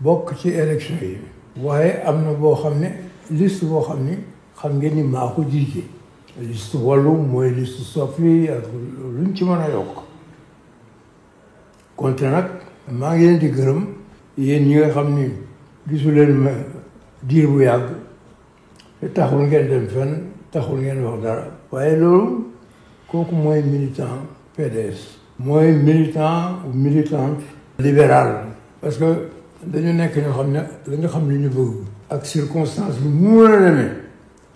bokk ci élection yi waaye am na boo xam ne liste boo xam ni xam ngeen ni maa ko jiite liste wàllu mooy liste soppi ak luñ ci mën a yokk konte nag maa ngi leen di gërëm yéen ñi nga xam ni gisu leen ma diir bu yàgg te taxul ngeen dem fenn taxul ngeen wax dara waaye loolu kooku mooy militant PDS mooy militant ou militante parce que dañu nekk ñoo xam ne lañu xam ne ñu bëgg ak circonstance bi mu mën a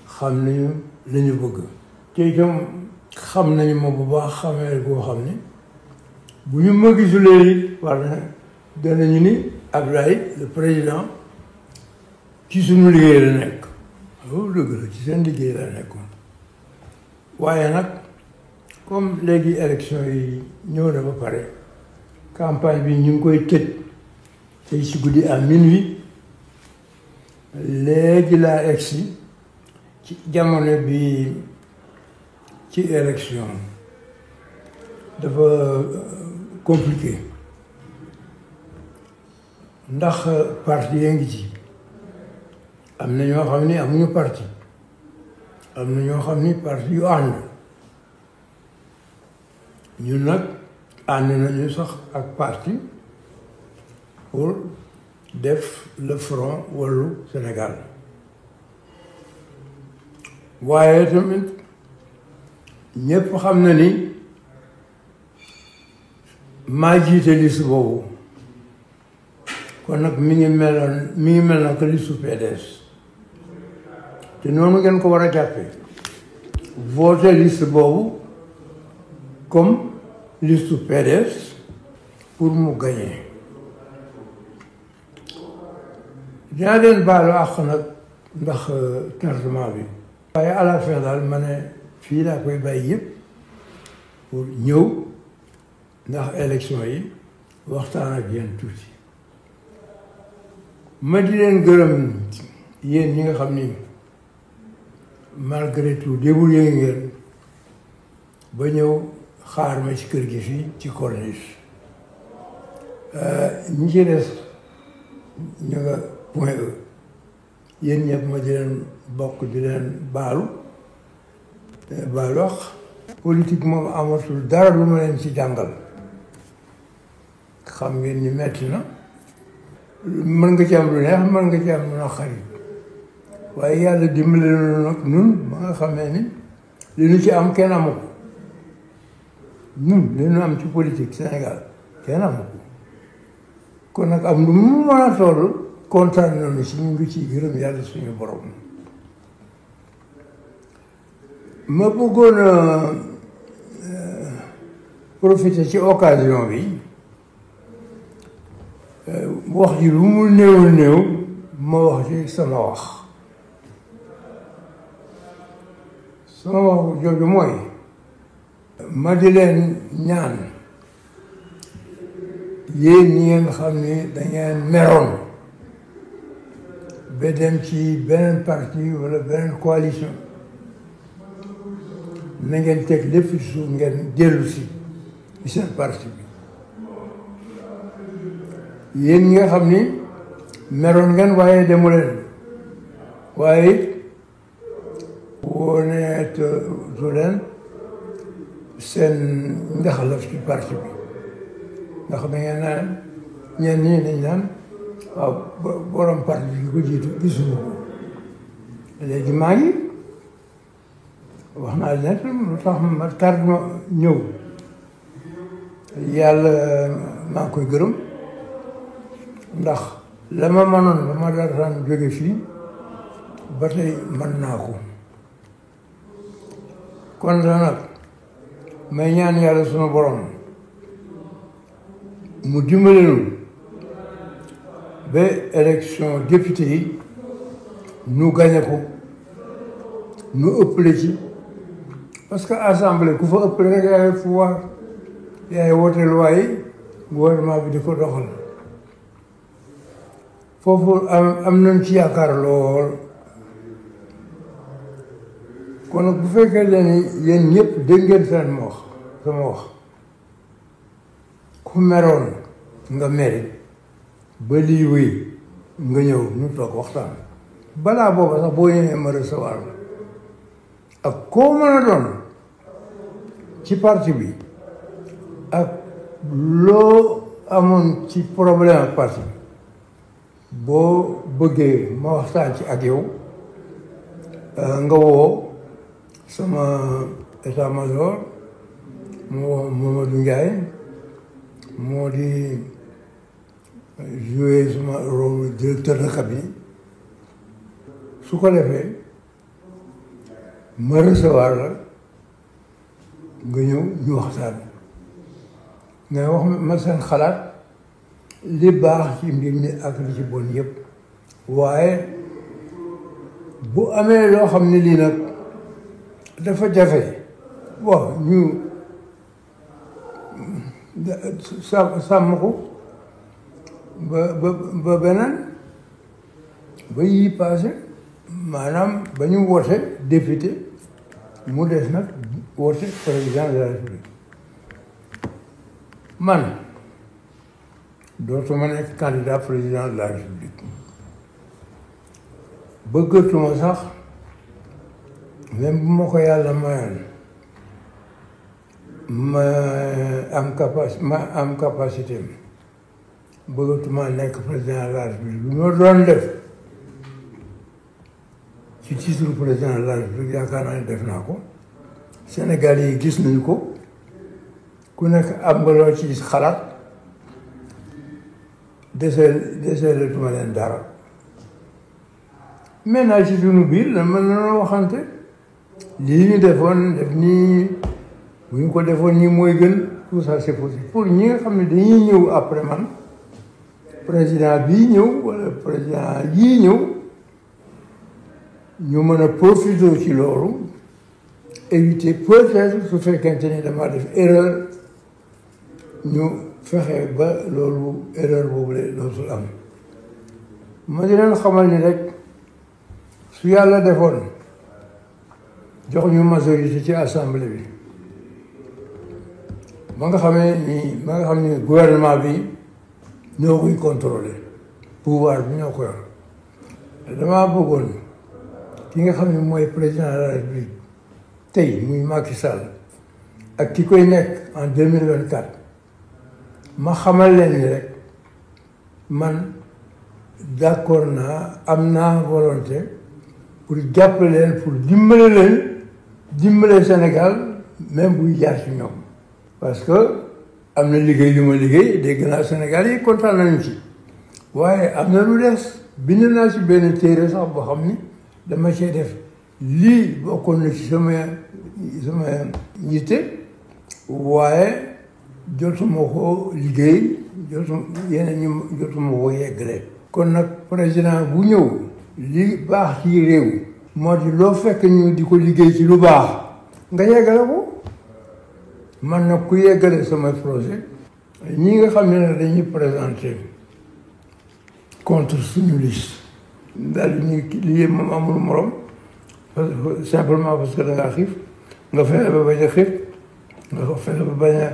xam nañu li ñu bëgg te itam xam nañu ma bu baax xamee boo xam ni bu ñu ma gisulee it war na danañu ni Abdoulaye le président ci suñu liggéey la nekk loolu ci seen liggéey la nekkoon waaye nag comme léegi élection yi ñëw na ba pare campagne bi ñu ngi koy tëj tey si guddi à minuit léegi laa egsi ci jamono bi ci élection dafa euh, compliqué ndax parti yaa ngi ci am na ñoo xam ni amuñu parti am na ñoo xam ni parti yu ànd ñu nag ànd nañu sax ak parti pour def le front Wallu Sénégal waaye tamit ñépp xam na ni maa jiite liste boobu kon nag mi ngi meloon mi ngi mel na que listu PDS te noonu ngeen ko war a jàppe voté liste boobu comme listu PDS pour mu gagner dinaa leen baalu àq nag ndax euh, tardement bi waaye à la daal ma ne fii laa koy bàyyi yëpp pour ñëw ndax élection yi waxtaan ak yéen tuuti ma di leen gërëm yéen ñi nga xam ni malgré tout débrouillé ngeen ba ñëw xaar ma ci kër gi fii ci corniche euh, ñi ci ñu nga point e yéen ma di leen bokk di leen baalu baalu wax politique moom amatul dara lu ma leen ci jàngal xam ngeen ni metti na mën nga ci am lu neex mën nga ci am lu naqari waaye yàlla dimbale nga xamee ni li nu ci am kenn amu ko li nu am ci politique Sénégal kenn amu kon nag am lu mu mën a toll kontaan nañu si ñu ngi ciy gërëm yàlla suñu borom ma bëggoon a ci occasion bi wax e, ji lu mu néew néew ma wax ci sama wax sama wax jooju mooy ma di leen ñaan yéen ñi ngeen xam ne dangeen meroon ba dem ci beneen parti wala beneen coalition na teg lépp ci ngeen dellu si ci seen parti bi yéen ñi nga xam ni meroon ngeen waaye demuleen waaye woneet tu leen seen ndaxalaf ci parti bi ndax da ngeen naan ñeen ñii nañ naan waaw borom parti bi ko jiitu gisuñu ko léegi maa wax naa leen lu tax ma tar ma yàlla maa koy gërëm ndax la ma mënoon la ma daan jóge fii ba tey mën naa ko kon la nag ñaan yàlla sunu borom mu dimbalelu ba élection député yi nu gañe ko nu ëppale ci parce que assemblée ku fa ëpp rek yaay pouvoir yaay wote loi yi gouvernement bi di ko doxal foofu am am nañ ci yaakaar lool kon nag fekkee ne yéen ñëpp dégg ngeen seen ma wax sama wax ku meroon nga meri ba lii wéy nga ñëw ñu toog waxtaan balaa booba sax boo ñëwee ma recevoir ak koo mën a doon ci parti bi ak loo amoon ci problème ak parti boo bëggee ma waxtaan ci ak yow euh, nga woo sama état major moo Mamadou Ndiaye moo di joué suma rôle directeur de cabinet su ko defee ma recevoir la nga ñëw ñu waxtaan nga wax ma seen xalaat li baax ci mbir mi ak li ci bon yëpp waaye bu amee loo xam ne lii nag dafa jafe waaw ñu sàmm ko ba ba ba beneen ba yii passé maanaam ba ñu wote député mu des nag wote président de la république man dootuma nekk candidat président de la république bëggatuma sax même bu ma ko yàlla ma am capacité ma am capacité bëggatuma nekk président de la République lu ma doon def ci titre président de la République yaakaar naa ne def naa ko Sénégal yi gis nañu ko ku nekk am nga ci xalaat deseel deseelatuma leen dara maintenant ci sunu biir la mën na waxante lii ñu defoon def nii bu ñu ko defoon nii mooy gën tout ça c'est possible pour ñi nga xam ne dañuy ñëw après man président bii ñëw wala président yii ñëw ñu mën a profiter ci loolu éviter peut-être su fekkente ni dama def erreur ñu fexe ba loolu erreur boobu la dootul am ma ni rek su yàlla defoon jox ñu majorité ci assemblée bi ba nga xamee ni ba nga xam ne gouvernement bi ñoo koy contrôlé pouvoir bi ñoo ko yor damaa bëggoon ki nga xam ni mooy président de la tey muy Macky Sall ak ki koy nekk en deux mille ma xamal leen ni rek man d'accord naa am naa volonté pour jàppale leen pour dimbale leen dimbale Sénégal même buy jaar ci ñoom parce am na liggéey yu ma liggéey dégg naa Sénégal yi kontaan nañu ci waaye am na lu des bind naa ci benn téere sax boo xam ni dama cee def lii bokkoon na ci sama sama yitte waaye jotuma ko liggéey jotu yeneen ñu jotuma ko yeggale kon nag président bu ñëw li baax ci réew moo di loo fekk ñu di ko liggéey ci lu baax nga yeggale ko man na ku yeggale sama projet ñi nga xam ne ne dañuy présenté contre suñu liste daal di ñuy lii moom amul morom parce que da ngaa xiif nga ba xiif nga fexe ba bañ a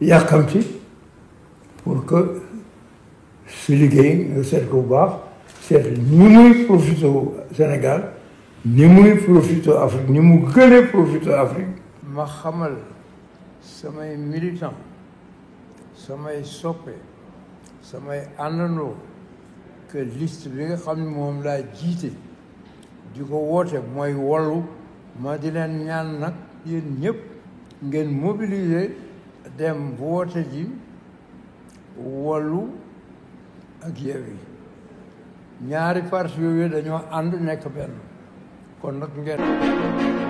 yàqamti pour que su liggéey nga seet ko bu baax seet ni muy profité Sénégal ni muy profité Afrique ni mu gënee profité Afrique ma xamal samay militant samay soppe samay àndandoo que liste bi nga xam ne moom laa jiite di ko woote mooy wallu ma di leen ñaan nag yéen ñëpp ngeen mobiliser dem woote ji wollu ak Yewwi ñaari parti yooyu dañoo ànd nekk benn kon nag ngeen